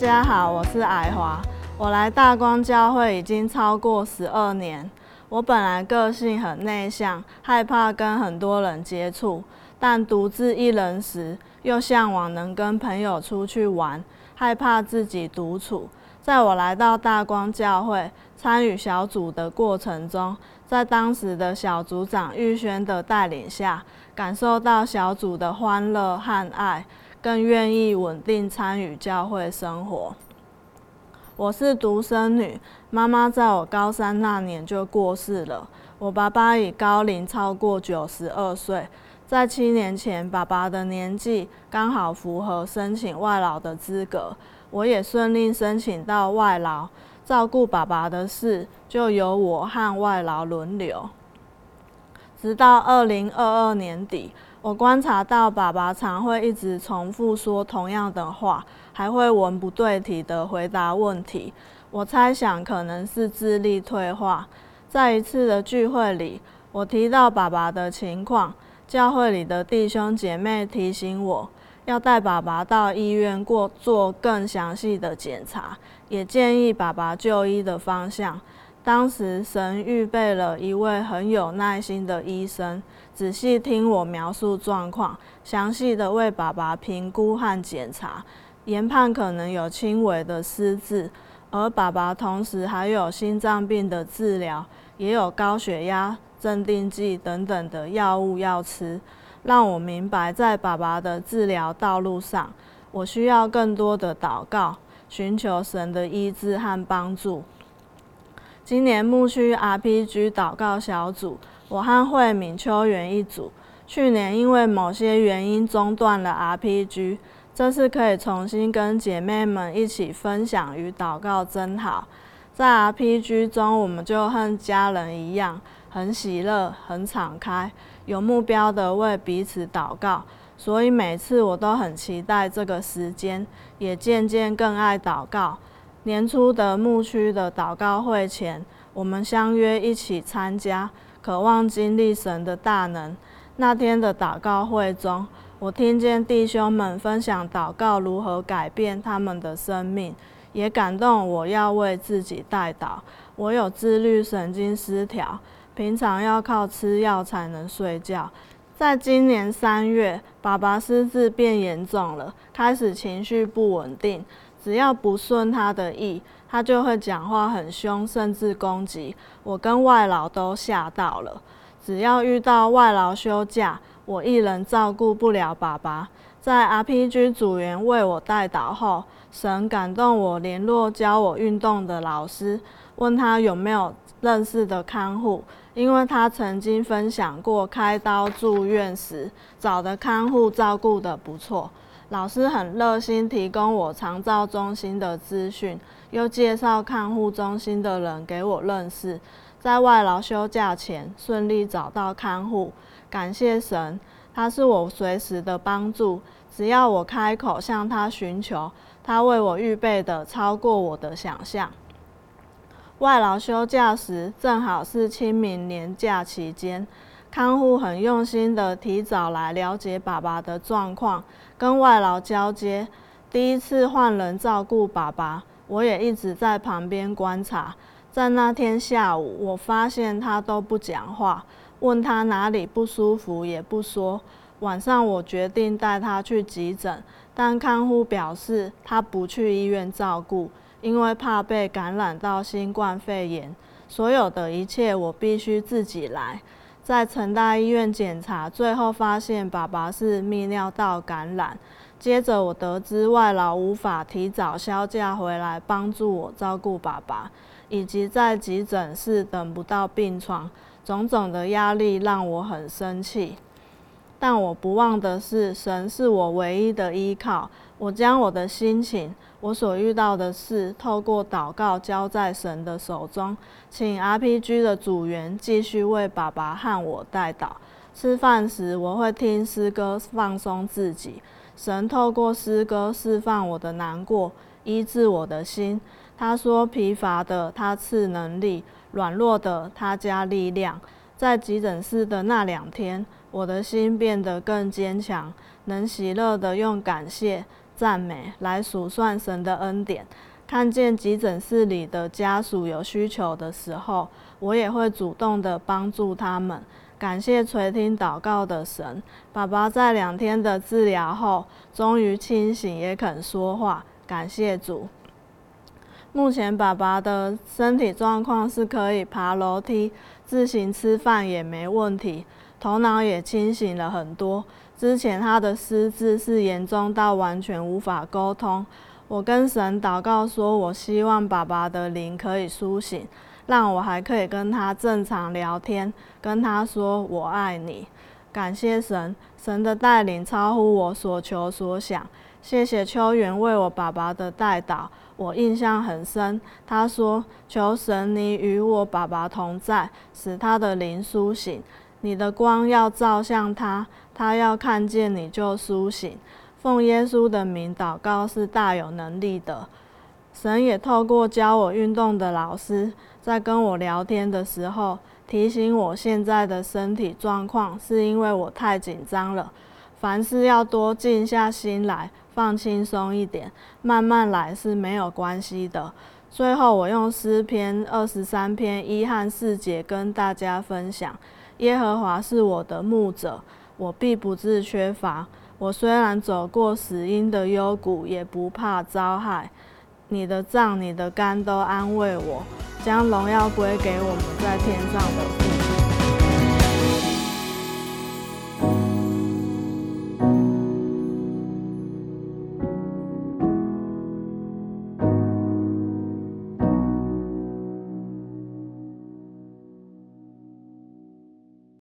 大家好，我是藹華。我來大光教會已經超過十二年。我本來個性很內向，害怕跟很多人接觸，但獨自一人時又向往能跟朋友出去玩，害怕自己獨處。在我來到大光教會參與小組的過程中，在當時的小組長玉軒的帶領下，感受到小組的歡樂和愛。更願意穩定參與教會生活。我是獨生女，媽媽在我高三那年就過世了。我爸爸已高齡超過九十二歲，在七年前，爸爸的年紀剛好符合申請外勞的資格。我也順利申請到外勞，照顧爸爸的事就由我和外勞輪流。直到二零二二年底，我觀察到爸爸常會一直重複說同樣的話，還會文不對題地回答問題。我猜想可能是智力退化。在一次的聚會裡，我提到爸爸的情況，教會裡的弟兄姐妹提醒我要帶爸爸到醫院過做更詳細的檢查，也建議爸爸就醫的方向。當時神預備了一位很有耐心的醫生，仔細聽我描述狀況，詳細地為爸爸評估和檢查，研判可能有輕微的失智，而爸爸同時還有心臟病的治療，也有高血壓、鎮定劑等等的藥物要吃，讓我明白在爸爸的治療道路上，我需要更多的禱告，尋求神的醫治和幫助。今年牧區 RPG 禱告小組，我和慧敏、秋元一組。去年因為某些原因中斷了 RPG，這次可以重新跟姐妹們一起分享與禱告，真好。在 RPG 中，我們就和家人一樣，很喜樂、很敞開，有目標的為彼此禱告，所以每次我都很期待這個時間，也漸漸更愛禱告。年初的牧區的禱告會前，我們相約一起參加，渴望經歷神的大能。那天的禱告會中，我聽見弟兄們分享禱告如何改變他們的生命，也感動我要為自己代禱。我有自律神經失調，平常要靠吃藥才能睡覺。在今年三月，爸爸失智變嚴重了，開始情緒不穩定。只要不順他的意，他就會講話很凶，甚至攻擊。我跟外勞都嚇到了。只要遇到外勞休假，我一人照顧不了爸爸。在 RPG 組員為我代禱後，神感動我聯絡教我運動的老師，問他有沒有認識的看護，因為他曾經分享過開刀住院時找的看護照顧得不錯。老師很熱心，提供我長照中心的資訊，又介紹看護中心的人給我認識，在外勞休假前順利找到看護，感謝神，他是我隨時的幫助，只要我開口向他尋求，他為我預備的超過我的想象。外勞休假時，正好是清明年假期間。看護很用心的提早來了解爸爸的狀況，跟外勞交接。第一次換人照顧爸爸，我也一直在旁邊觀察。在那天下午，我發現他都不講話，問他哪裡不舒服也不說。晚上我決定帶他去急診，但看護表示他不去醫院照顧，因為怕被感染到新冠肺炎。所有的一切我必須自己來。在成大醫院檢查，最後發現爸爸是泌尿道感染。接着我得知外勞無法提早銷假回來幫助我照顧爸爸，以及在急診室等不到病床，種種的壓力讓我很生氣。但我不忘的是，神是我唯一的依靠。我將我的心情、我所遇到的事，透過禱告交在神的手中。請 RPG 的組員繼續為爸爸和我代禱。吃飯時我會聽詩歌，放鬆自己。神透過詩歌釋放我的難過，醫治我的心。他說：“疲乏的他賜能力，軟弱的他加力量。”在急診室的那兩天，我的心變得更堅強，能喜樂的用感謝、讚美來數算神的恩典。看見急診室裡的家屬有需求的時候，我也會主動的幫助他們。感謝垂聽禱告的神，爸爸在兩天的治療後終於清醒，也肯說話。感謝主。目前爸爸的身體狀況是可以爬樓梯、自行吃飯也沒問題，頭腦也清醒了很多。之前他的失智是嚴重到完全無法溝通。我跟神禱告說，我希望爸爸的靈可以甦醒，讓我還可以跟他正常聊天，跟他說我愛你。感謝神，神的帶領超乎我所求所想。謝謝秋元為我爸爸的代禱。我印象很深，他說：“求神，你與我爸爸同在，使他的靈甦醒。你的光要照向他，他要看見你就甦醒。奉耶穌的名禱告是大有能力的。神也透過教我運動的老師，在跟我聊天的時候，提醒我現在的身體狀況是因為我太緊張了，凡事要多靜下心來。”放輕鬆一點，慢慢來是沒有關係的。最後，我用詩篇二十三篇一和四節跟大家分享：耶和華是我的牧者，我必不致缺乏。我雖然走過死蔭的幽谷，也不怕遭害。你的杖，你的竿都安慰我，將榮耀歸給我們在天上的。